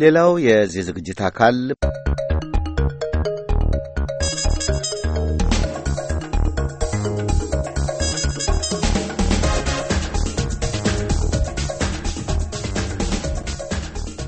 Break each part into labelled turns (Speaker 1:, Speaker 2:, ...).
Speaker 1: ሌላው የዚህ ዝግጅት አካል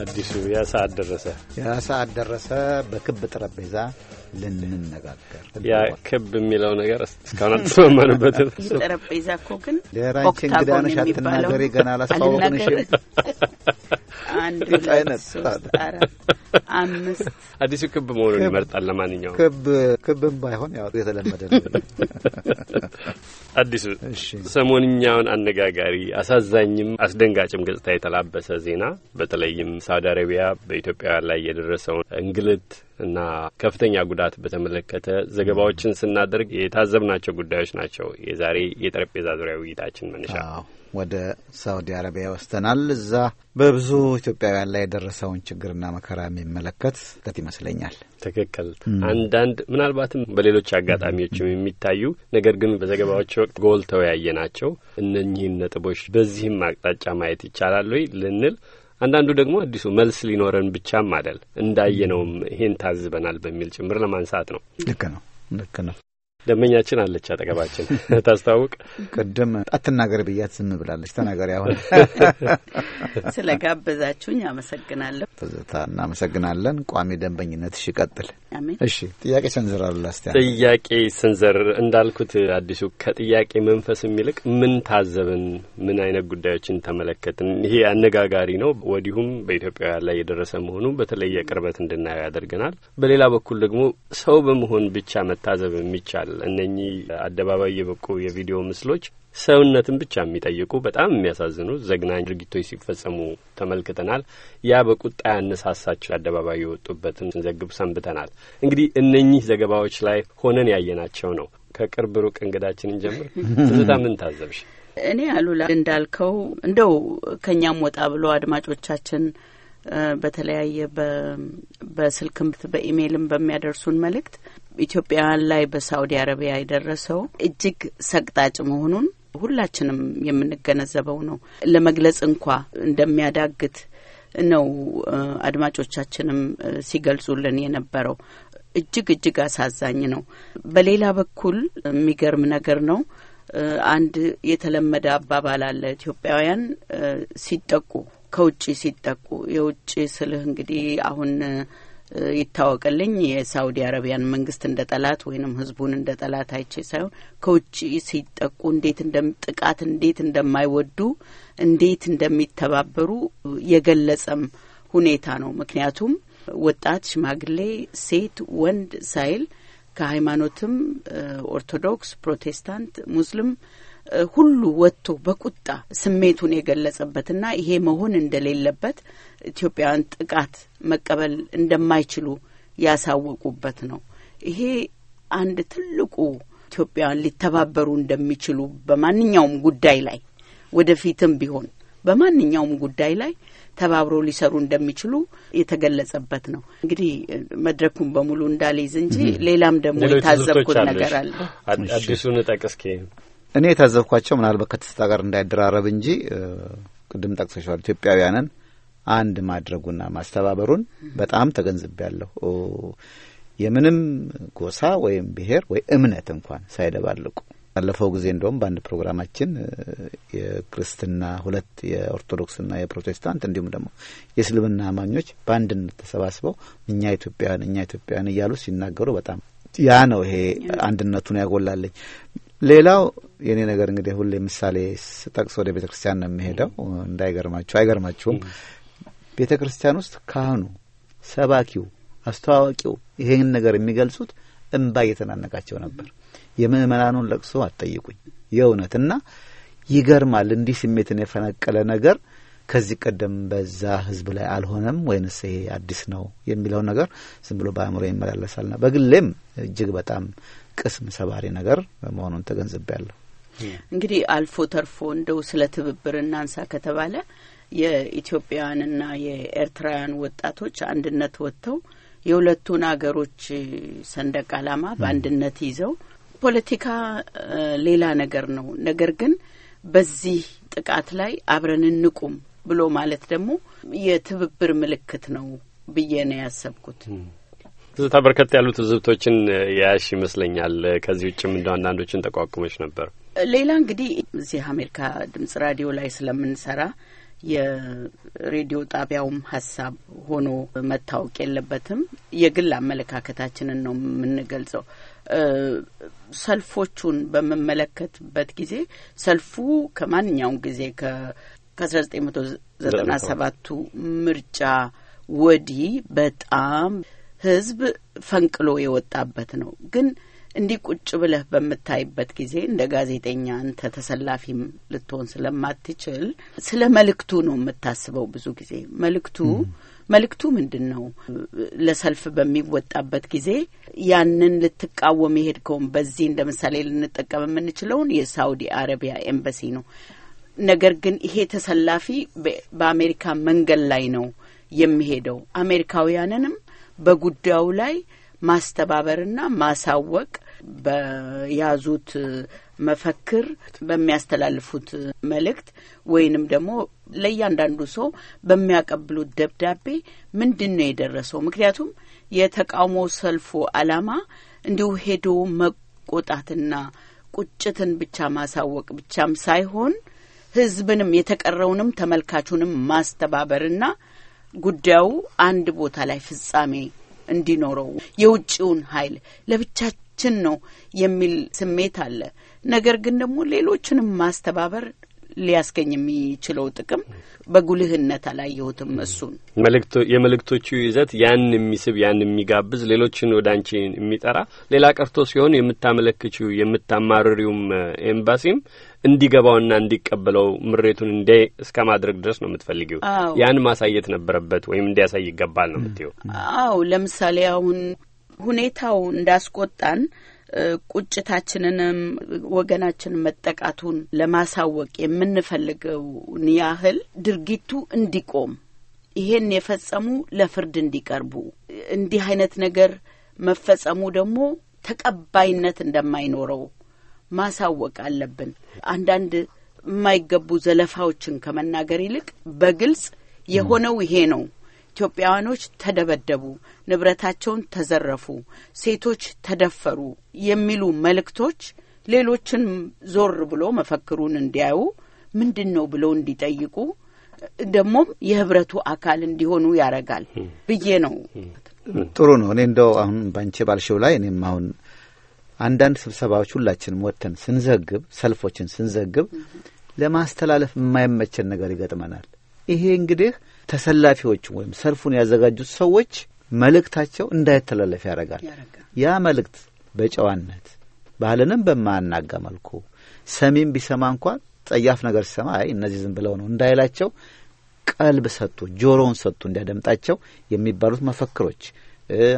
Speaker 2: አዲሱ ያ ሰዓት ደረሰ፣
Speaker 1: ያ ሰዓት ደረሰ። በክብ ጠረጴዛ
Speaker 2: ልንነጋገር ያ ክብ የሚለው ነገር እስካሁን አልተስማማንበትም።
Speaker 3: ጠረጴዛ እኮ ግን
Speaker 2: ሌላ
Speaker 1: አንቺ ገና አላስተዋወቅንሽም አንድ አይነት አምስት
Speaker 2: አዲሱ ክብ መሆኑን ይመርጣል። ለማንኛውም ክብ
Speaker 1: ክብም ባይሆን ያው የተለመደ ነው።
Speaker 2: አዲሱ ሰሞንኛውን አነጋጋሪ አሳዛኝም አስደንጋጭም ገጽታ የተላበሰ ዜና በተለይም ሳውዲ አረቢያ በኢትዮጵያውያን ላይ የደረሰውን እንግልት እና ከፍተኛ ጉዳት በተመለከተ ዘገባዎችን ስናደርግ የታዘብናቸው ጉዳዮች ናቸው የዛሬ የጠረጴዛ ዙሪያ ውይይታችን መነሻ።
Speaker 1: ወደ ሳውዲ አረቢያ ይወስደናል። እዛ በብዙ ኢትዮጵያውያን ላይ የደረሰውን ችግርና መከራ የሚመለከት ለት ይመስለኛል። ትክክል።
Speaker 2: አንዳንድ ምናልባትም በሌሎች አጋጣሚዎችም የሚታዩ ነገር ግን በዘገባዎች ወቅት ጎልተው ያየ ናቸው። እነኚህን ነጥቦች በዚህም አቅጣጫ ማየት ይቻላል ወይ ልንል አንዳንዱ ደግሞ አዲሱ መልስ ሊኖረን ብቻም አይደል እንዳየነውም ይሄን ታዝበናል በሚል ጭምር ለማንሳት ነው። ልክ ነው። ልክ ነው። ደመኛችን አለች አጠገባችን ታስታውቅ።
Speaker 1: ቅድም አትናገር ብያት ዝም ብላለች። ተናገሪ አሁን። ስለ
Speaker 3: ጋበዛችሁኝ አመሰግናለሁ።
Speaker 1: ትዝታ፣ እናመሰግናለን። ቋሚ ደንበኝነትሽ ይቀጥል። እሺ፣ ጥያቄ ሰንዝር አሉላ። እስቲ
Speaker 2: ጥያቄ ሰንዝር እንዳልኩት አዲሱ ከጥያቄ መንፈስ የሚልቅ ምን ታዘብን፣ ምን አይነት ጉዳዮችን ተመለከትን። ይሄ አነጋጋሪ ነው። ወዲሁም በኢትዮጵያውያን ላይ የደረሰ መሆኑ በተለየ ቅርበት እንድናየው ያደርገናል። በሌላ በኩል ደግሞ ሰው በመሆን ብቻ መታዘብ የሚቻል እነኚህ አደባባይ የበቁ የቪዲዮ ምስሎች ሰውነትን ብቻ የሚጠይቁ በጣም የሚያሳዝኑ ዘግናኝ ድርጊቶች ሲፈጸሙ ተመልክተናል። ያ በቁጣ ያነሳሳቸው አደባባይ የወጡበትን ስንዘግብ ሰንብተናል። እንግዲህ እነኚህ ዘገባዎች ላይ ሆነን ያየናቸው ነው። ከቅርብ ሩቅ እንግዳችንን ጀምር። ትዝታ ምን ታዘብሽ?
Speaker 3: እኔ አሉላ እንዳልከው እንደው ከእኛም ወጣ ብሎ አድማጮቻችን በተለያየ በስልክም በኢሜይልም በሚያደርሱን መልእክት ኢትዮጵያውያን ላይ በሳውዲ አረቢያ የደረሰው እጅግ ሰቅጣጭ መሆኑን ሁላችንም የምንገነዘበው ነው። ለመግለጽ እንኳ እንደሚያዳግት ነው አድማጮቻችንም ሲገልጹልን የነበረው። እጅግ እጅግ አሳዛኝ ነው። በሌላ በኩል የሚገርም ነገር ነው። አንድ የተለመደ አባባል አለ። ኢትዮጵያውያን ሲጠቁ ከውጭ ሲጠቁ የውጭ ስልህ እንግዲህ አሁን ይታወቅልኝ የሳውዲ አረቢያን መንግስት እንደ ጠላት ወይንም ህዝቡን እንደ ጠላት አይቼ ሳይሆን ከውጭ ሲጠቁ እንዴት ጥቃት እንዴት እንደማይወዱ እንዴት እንደሚተባበሩ የገለጸም ሁኔታ ነው። ምክንያቱም ወጣት፣ ሽማግሌ፣ ሴት፣ ወንድ ሳይል ከሃይማኖትም ኦርቶዶክስ፣ ፕሮቴስታንት፣ ሙስሊም ሁሉ ወጥቶ በቁጣ ስሜቱን የገለጸበትና ይሄ መሆን እንደሌለበት ኢትዮጵያውያን ጥቃት መቀበል እንደማይችሉ ያሳወቁበት ነው። ይሄ አንድ ትልቁ ኢትዮጵያውያን ሊተባበሩ እንደሚችሉ በማንኛውም ጉዳይ ላይ ወደፊትም ቢሆን በማንኛውም ጉዳይ ላይ ተባብሮ ሊሰሩ እንደሚችሉ የተገለጸበት ነው። እንግዲህ መድረኩን በሙሉ እንዳልይዝ እንጂ ሌላም ደግሞ የታዘብኩት ነገር አለ።
Speaker 2: አዲሱን ጠቅስኬ
Speaker 1: እኔ የታዘብኳቸው ምናልባት ከተስታ ጋር እንዳይደራረብ እንጂ ቅድም ጠቅሰሸዋል ኢትዮጵያውያንን አንድ ማድረጉና ማስተባበሩን በጣም ተገንዝቤያለሁ። የምንም ጎሳ ወይም ብሔር ወይ እምነት እንኳን ሳይደባልቁ ባለፈው ጊዜ እንደውም በአንድ ፕሮግራማችን የክርስትና ሁለት የኦርቶዶክስና የፕሮቴስታንት እንዲሁም ደግሞ የእስልምና አማኞች በአንድነት ተሰባስበው እኛ ኢትዮጵያውያን እኛ ኢትዮጵያውያን እያሉ ሲናገሩ በጣም ያ ነው ይሄ አንድነቱን ያጎላለኝ ሌላው የእኔ ነገር እንግዲህ ሁሌ ምሳሌ ስጠቅስ ወደ ቤተ ክርስቲያን ነው የሚሄደው። እንዳይገርማችሁ አይገርማችሁም። ቤተ ክርስቲያን ውስጥ ካህኑ፣ ሰባኪው፣ አስተዋዋቂው ይሄን ነገር የሚገልጹት እንባ እየተናነቃቸው ነበር። የምእመናኑን ለቅሶ አትጠይቁኝ የእውነት እና ይገርማል። እንዲህ ስሜትን የፈነቀለ ነገር ከዚህ ቀደም በዛ ህዝብ ላይ አልሆነም ወይንስ ይሄ አዲስ ነው የሚለው ነገር ዝም ብሎ በአእምሮ ይመላለሳልና በግሌም እጅግ በጣም ቅስም ሰባሪ ነገር መሆኑን ተገንዝቤያለሁ።
Speaker 3: እንግዲህ አልፎ ተርፎ እንደው ስለ ትብብር እናንሳ ከተባለ የኢትዮጵያውያንና የኤርትራውያን ወጣቶች አንድነት ወጥተው የሁለቱን ሀገሮች ሰንደቅ ዓላማ በአንድነት ይዘው ፖለቲካ ሌላ ነገር ነው። ነገር ግን በዚህ ጥቃት ላይ አብረን እንቁም ብሎ ማለት ደግሞ የትብብር ምልክት ነው ብዬ ነው ያሰብኩት።
Speaker 2: ትዝታ በርከት ያሉት ትዝብቶችን የያሽ ይመስለኛል። ከዚህ ውጭም እንደ አንዳንዶችን ተቋቁመች ነበር።
Speaker 3: ሌላ እንግዲህ እዚህ አሜሪካ ድምጽ ራዲዮ ላይ ስለምንሰራ የሬዲዮ ጣቢያውም ሀሳብ ሆኖ መታወቅ የለበትም። የግል አመለካከታችንን ነው የምንገልጸው። ሰልፎቹን በምመለከትበት ጊዜ ሰልፉ ከማንኛውም ጊዜ ከአስራ ዘጠኝ መቶ ዘጠና ሰባቱ ምርጫ ወዲህ በጣም ህዝብ ፈንቅሎ የወጣበት ነው። ግን እንዲህ ቁጭ ብለህ በምታይበት ጊዜ እንደ ጋዜጠኛ አንተ ተሰላፊም ልትሆን ስለማትችል ስለ መልእክቱ ነው የምታስበው። ብዙ ጊዜ መልእክቱ መልእክቱ ምንድን ነው? ለሰልፍ በሚወጣበት ጊዜ ያንን ልትቃወም የሄድከውን በዚህ እንደ ምሳሌ ልንጠቀም የምንችለውን የሳውዲ አረቢያ ኤምባሲ ነው። ነገር ግን ይሄ ተሰላፊ በአሜሪካ መንገድ ላይ ነው የሚሄደው። አሜሪካውያንንም በጉዳዩ ላይ ማስተባበርና ማሳወቅ በያዙት መፈክር በሚያስተላልፉት መልእክት ወይንም ደግሞ ለእያንዳንዱ ሰው በሚያቀብሉት ደብዳቤ ምንድን ነው የደረሰው? ምክንያቱም የተቃውሞ ሰልፉ ዓላማ እንዲሁ ሄዶ መቆጣትና ቁጭትን ብቻ ማሳወቅ ብቻም ሳይሆን ህዝብንም የተቀረውንም ተመልካቹንም ማስተባበርና ጉዳዩ አንድ ቦታ ላይ ፍጻሜ እንዲኖረው የውጭውን ኃይል ለብቻችን ነው የሚል ስሜት አለ። ነገር ግን ደግሞ ሌሎችንም ማስተባበር ሊያስገኝ የሚችለው ጥቅም በጉልህነት አላየሁትም። እሱን
Speaker 2: መልእክቶ የመልእክቶቹ ይዘት ያን የሚስብ ያን የሚጋብዝ ሌሎችን ወደ አንቺ የሚጠራ ሌላ ቀርቶ ሲሆን የምታመለክችው የምታማርሪውም ኤምባሲም እንዲገባውና እንዲቀበለው ምሬቱን እንዲ እስከ ማድረግ ድረስ ነው የምትፈልጊው። ያን ማሳየት ነበረበት ወይም እንዲያሳይ ይገባል ነው የምትይው?
Speaker 3: አዎ። ለምሳሌ አሁን ሁኔታው እንዳስቆጣን ቁጭታችንንም ወገናችን መጠቃቱን ለማሳወቅ የምንፈልገውን ያህል ድርጊቱ እንዲቆም ይሄን የፈጸሙ ለፍርድ እንዲቀርቡ እንዲህ አይነት ነገር መፈጸሙ ደግሞ ተቀባይነት እንደማይኖረው ማሳወቅ አለብን። አንዳንድ የማይገቡ ዘለፋዎችን ከመናገር ይልቅ በግልጽ የሆነው ይሄ ነው ኢትዮጵያውያኖች ተደበደቡ፣ ንብረታቸውን ተዘረፉ፣ ሴቶች ተደፈሩ የሚሉ መልእክቶች ሌሎችን ዞር ብሎ መፈክሩን እንዲያዩ ምንድን ነው ብለው እንዲጠይቁ ደግሞም የህብረቱ አካል እንዲሆኑ ያደርጋል ብዬ ነው።
Speaker 1: ጥሩ ነው። እኔ እንደው አሁን ባንቺ ባልሽው ላይ እኔም አሁን አንዳንድ ስብሰባዎች ሁላችንም ወጥተን ስንዘግብ፣ ሰልፎችን ስንዘግብ ለማስተላለፍ የማይመቸን ነገር ይገጥመናል። ይሄ እንግዲህ ተሰላፊዎች ወይም ሰልፉን ያዘጋጁት ሰዎች መልእክታቸው እንዳይተላለፍ ያደርጋል። ያ መልእክት በጨዋነት ባህልንም በማያናጋ መልኩ ሰሚም ቢሰማ እንኳ ጸያፍ ነገር ሲሰማ አይ እነዚህ ዝም ብለው ነው እንዳይላቸው ቀልብ ሰጥቶ ጆሮውን ሰጥቶ እንዲያደምጣቸው የሚባሉት መፈክሮች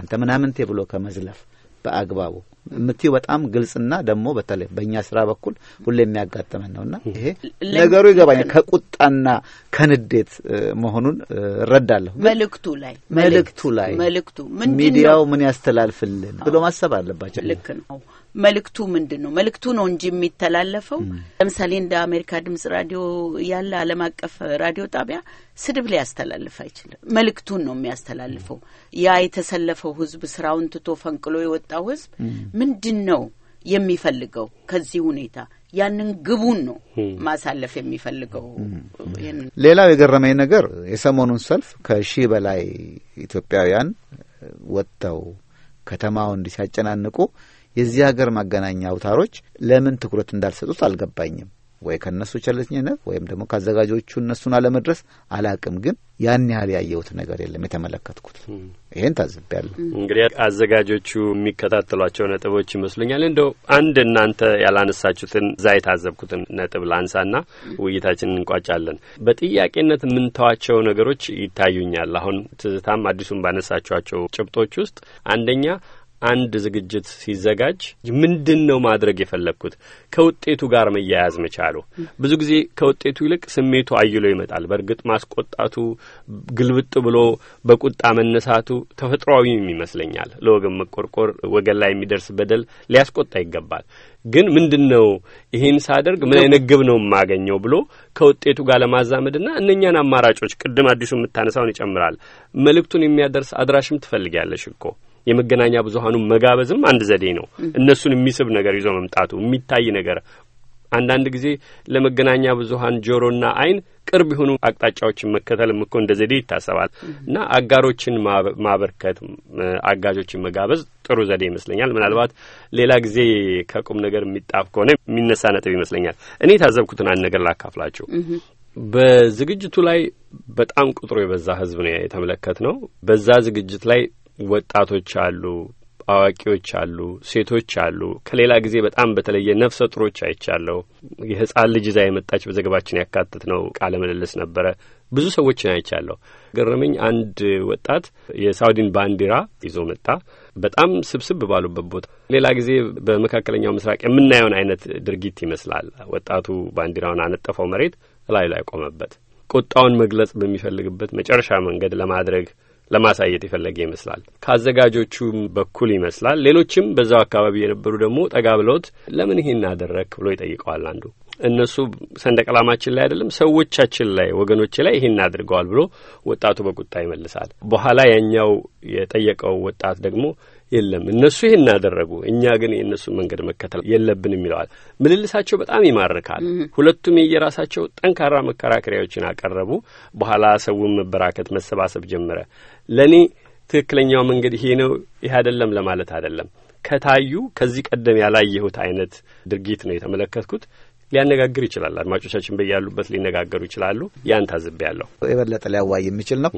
Speaker 1: አንተ ምናምንቴ ብሎ ከመዝለፍ በአግባቡ የምትይው በጣም ግልጽና ደግሞ በተለይ በእኛ ስራ በኩል ሁሌ የሚያጋጥመን ነውና ይሄ ነገሩ ይገባኛል። ከቁጣና ከንዴት መሆኑን እረዳለሁ።
Speaker 3: መልእክቱ ላይ መልእክቱ ላይ መልእክቱ ሚዲያው
Speaker 1: ምን ያስተላልፍልን ብሎ ማሰብ አለባቸው። ልክ ነው።
Speaker 3: መልእክቱ ምንድን ነው? መልእክቱ ነው እንጂ የሚተላለፈው። ለምሳሌ እንደ አሜሪካ ድምጽ ራዲዮ ያለ ዓለም አቀፍ ራዲዮ ጣቢያ ስድብ ሊያስተላልፍ አይችልም። መልእክቱን ነው የሚያስተላልፈው። ያ የተሰለፈው ህዝብ ስራውን ትቶ ፈንቅሎ የወጣው ህዝብ ምንድን ነው የሚፈልገው ከዚህ ሁኔታ? ያንን ግቡን ነው ማሳለፍ የሚፈልገው።
Speaker 1: ሌላው የገረመኝ ነገር የሰሞኑን ሰልፍ ከሺህ በላይ ኢትዮጵያውያን ወጥተው ከተማውን እንዲህ ሲያጨናንቁ የዚህ ሀገር ማገናኛ አውታሮች ለምን ትኩረት እንዳልሰጡት አልገባኝም። ወይ ከእነሱ ቸልተኝነት ወይም ደግሞ ከአዘጋጆቹ እነሱን አለመድረስ አላቅም። ግን ያን ያህል ያየሁት ነገር የለም የተመለከትኩት። ይሄን ታዝቤያለሁ።
Speaker 2: እንግዲህ አዘጋጆቹ የሚከታተሏቸው ነጥቦች ይመስሉኛል። እንደው አንድ እናንተ ያላነሳችሁትን እዛ የታዘብኩትን ነጥብ ላንሳና ውይይታችን እንቋጫለን። በጥያቄነት የምንተዋቸው ነገሮች ይታዩኛል። አሁን ትዝታም አዲሱን ባነሳችኋቸው ጭብጦች ውስጥ አንደኛ አንድ ዝግጅት ሲዘጋጅ ምንድን ነው ማድረግ የፈለግኩት ከውጤቱ ጋር መያያዝ መቻሉ። ብዙ ጊዜ ከውጤቱ ይልቅ ስሜቱ አይሎ ይመጣል። በእርግጥ ማስቆጣቱ፣ ግልብጥ ብሎ በቁጣ መነሳቱ ተፈጥሯዊም ይመስለኛል። ለወገን መቆርቆር፣ ወገን ላይ የሚደርስ በደል ሊያስቆጣ ይገባል። ግን ምንድን ነው ይህን ሳደርግ ምን አይነት ግብ ነው የማገኘው ብሎ ከውጤቱ ጋር ለማዛመድና እነኛን አማራጮች ቅድም አዲሱ የምታነሳውን ይጨምራል። መልእክቱን የሚያደርስ አድራሽም ትፈልጊያለሽ እኮ የመገናኛ ብዙሀኑ መጋበዝም አንድ ዘዴ ነው። እነሱን የሚስብ ነገር ይዞ መምጣቱ የሚታይ ነገር አንዳንድ ጊዜ ለመገናኛ ብዙሀን ጆሮና አይን ቅርብ የሆኑ አቅጣጫዎችን መከተልም እኮ እንደ ዘዴ ይታሰባል እና አጋሮችን ማበርከት፣ አጋዦችን መጋበዝ ጥሩ ዘዴ ይመስለኛል። ምናልባት ሌላ ጊዜ ከቁም ነገር የሚጣፍ ከሆነ የሚነሳ ነጥብ ይመስለኛል። እኔ የታዘብኩትን አንድ ነገር ላካፍላችሁ። በዝግጅቱ ላይ በጣም ቁጥሩ የበዛ ህዝብ ነው የተመለከት ነው። በዛ ዝግጅት ላይ ወጣቶች አሉ፣ አዋቂዎች አሉ፣ ሴቶች አሉ። ከሌላ ጊዜ በጣም በተለየ ነፍሰ ጡሮች አይቻለሁ። የህጻን ልጅ ዛ የመጣች በዘገባችን ያካትት ነው ቃለ ምልልስ ነበረ። ብዙ ሰዎችን አይቻለሁ። ገረመኝ አንድ ወጣት የሳውዲን ባንዲራ ይዞ መጣ። በጣም ስብስብ ባሉበት ቦታ ሌላ ጊዜ በመካከለኛው ምስራቅ የምናየውን አይነት ድርጊት ይመስላል። ወጣቱ ባንዲራውን አነጠፈው፣ መሬት ላይ ላይ ቆመበት። ቁጣውን መግለጽ በሚፈልግበት መጨረሻ መንገድ ለማድረግ ለማሳየት የፈለገ ይመስላል። ከአዘጋጆቹም በኩል ይመስላል። ሌሎችም በዛው አካባቢ የነበሩ ደግሞ ጠጋ ብለውት ለምን ይሄን አደረክ ብሎ ይጠይቀዋል አንዱ እነሱ ሰንደቅ ዓላማችን ላይ አይደለም ሰዎቻችን ላይ ወገኖች ላይ ይህን አድርገዋል ብሎ ወጣቱ በቁጣ ይመልሳል። በኋላ ያኛው የጠየቀው ወጣት ደግሞ የለም እነሱ ይህን አደረጉ፣ እኛ ግን የእነሱን መንገድ መከተል የለብንም ይለዋል። ምልልሳቸው በጣም ይማርካል። ሁለቱም የየራሳቸው ጠንካራ መከራከሪያዎችን አቀረቡ። በኋላ ሰውን መበራከት፣ መሰባሰብ ጀመረ። ለእኔ ትክክለኛው መንገድ ይሄ ነው፣ ይህ አይደለም ለማለት አይደለም። ከታዩ ከዚህ ቀደም ያላየሁት አይነት ድርጊት ነው የተመለከትኩት። ሊያነጋግር ይችላል። አድማጮቻችን በያሉበት ሊነጋገሩ ይችላሉ። ያን ታዝቤ ያለሁ
Speaker 1: የበለጠ ሊያዋይ የሚችል ነው።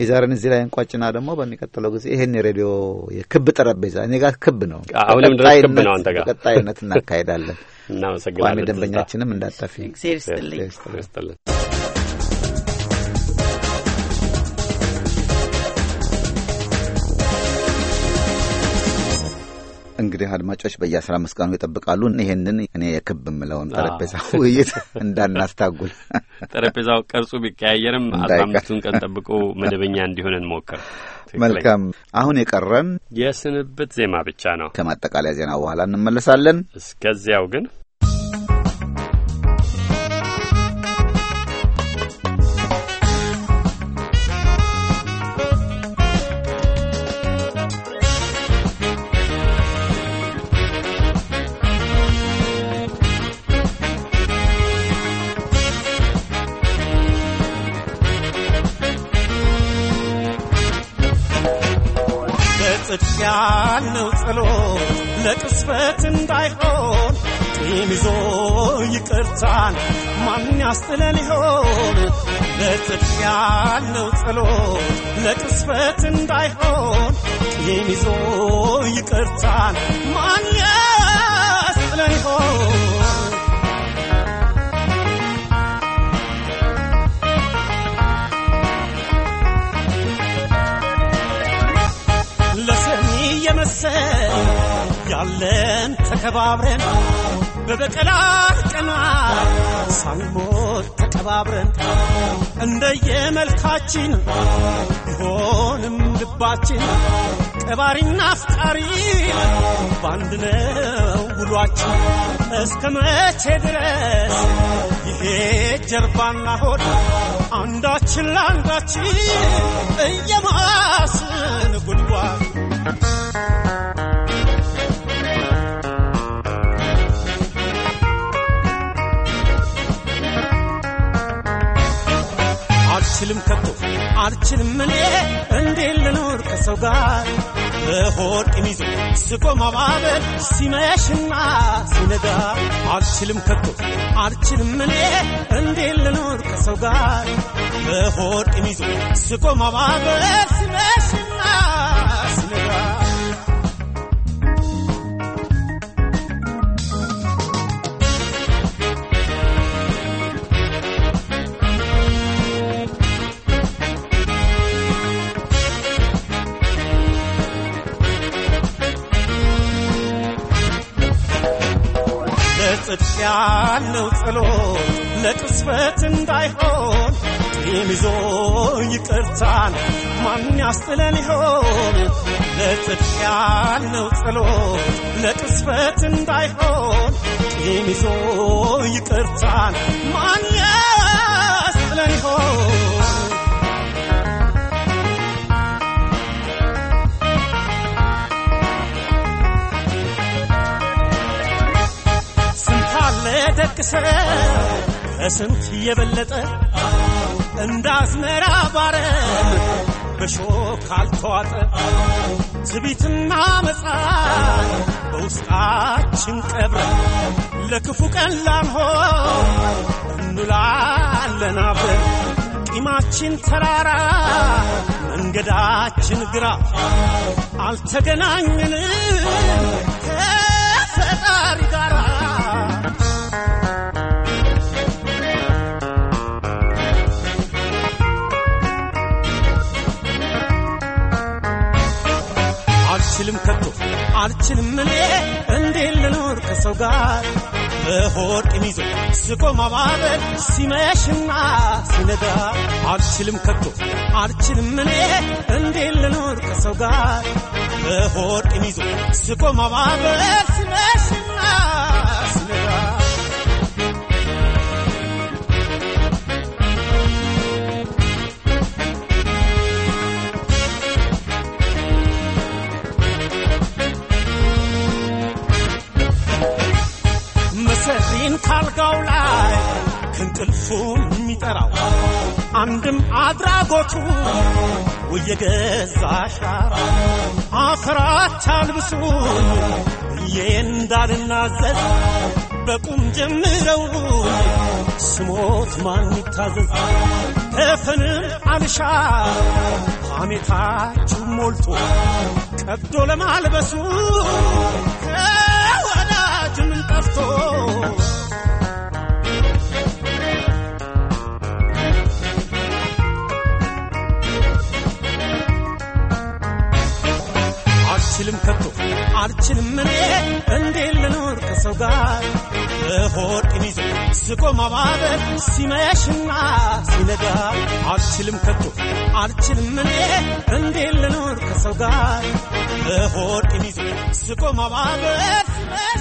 Speaker 1: የዛሬን እዚህ ላይ እንቋጭና ደግሞ በሚቀጥለው ጊዜ ይሄን የሬዲዮ የክብ ጠረጴዛ እኔ ጋር ክብ ነው፣ አሁንም ድረስ ክብ ነው። አንተ ጋር ቀጣይነት እናካሄዳለን። እናመሰግናለን። ደንበኛችንም
Speaker 2: እንዳጠፊ ጊዜ ይስጥልኝ።
Speaker 1: እንግዲህ አድማጮች በየአስራ አምስት ቀኑ ይጠብቃሉ። ይህንን እኔ የክብ የምለውን ጠረጴዛ ውይይት እንዳናስታጉል
Speaker 2: ጠረጴዛው ቅርጹ ቢቀያየርም አስራ አምስቱን ቀን ጠብቆ መደበኛ እንዲሆን እንሞክር። መልካም።
Speaker 1: አሁን የቀረን
Speaker 2: የስንብት ዜማ ብቻ ነው። ከማጠቃለያ ዜና
Speaker 1: በኋላ እንመለሳለን።
Speaker 2: እስከዚያው ግን
Speaker 4: ማነው ጥሎ ለቅስፈት እንዳይሆን ጢም ይዞ ይቅርታን ማን ያስጥለን ይሆን? ለጥፍ ያለው ለቅስፈት እንዳይሆን ጢም ይዞ ይቅርታን ማን ተከባብረን በበቀላ ቀና ሳንሞት ተቀባብረን እንደየመልካችን ቢሆንም ልባችን ቀባሪና አፍቃሪ ባንድ ነው ውሏችን። እስከ መቼ ድረስ ይሄ ጀርባና ሆድ አንዳችን ለአንዳችን
Speaker 5: እየማስን ጉድጓድ
Speaker 4: አልችልም ከቶ አልችልም እኔ እንዴ ልኖር ከሰው ጋር ሆድም ይዞ ስቆ ማባበል ሲመሽና ሲነጋ አልችልም ከቶ አልችልም እኔ እንዴ ልኖር ከሰው ጋር ሆድም ይዞ ስቆ ማባበል ሲመሽና ሲነጋ ጽድቅያለው ጸሎ ለቅስፈት እንዳይሆን ቂም ይዞ ይቅርታን ማን ያስጥለን ይሆን? ለጽድቅያለው ጸሎ ለቅስፈት እንዳይሆን ቂም ይቅርታን ማን ያስጥለን ይሆን?
Speaker 5: አልቅሰ ከስንት
Speaker 4: የበለጠ እንደ አዝመራ ባረ በሾክ ካልተዋጠ ትቢትና መጻን በውስጣችን ቀብረ ለክፉ ቀን ላንሆ እንላለን አብረን ቂማችን ተራራ መንገዳችን ግራ አልተገናኝን
Speaker 5: ከፈጣሪ ጋር
Speaker 4: አልችልም ከቶ አልችልም እኔ እንዴ ልኖር ከሰው ጋር በሆድ ይዞ ስቆ ማበል ሲመሽና ሲነጋ አልችልም ከቶ አልችልም እኔ እንዴ ልኖር ከሰው ጋር በሆድ ይዞ ስቆ ማበል ሲመሽና እንቅልፉ የሚጠራው አንድም አድራጎቱ ወየገዛ ሻራ አፈራች አልብሱ ብዬ እንዳልናዘዝ በቁም ጀምረው ስሞት ማን ይታዘዝ ከፈንም አልሻ ሐሜታችሁ ሞልቶ ቀብዶ ለማልበሱ ስቆም ማበብ ሲመሽና ሲነጋ አልችልም ከቶ አልችልም እኔ እንዴ ልኖር ከሰው ጋር እሆድ ይዞ ስቆም ማበብ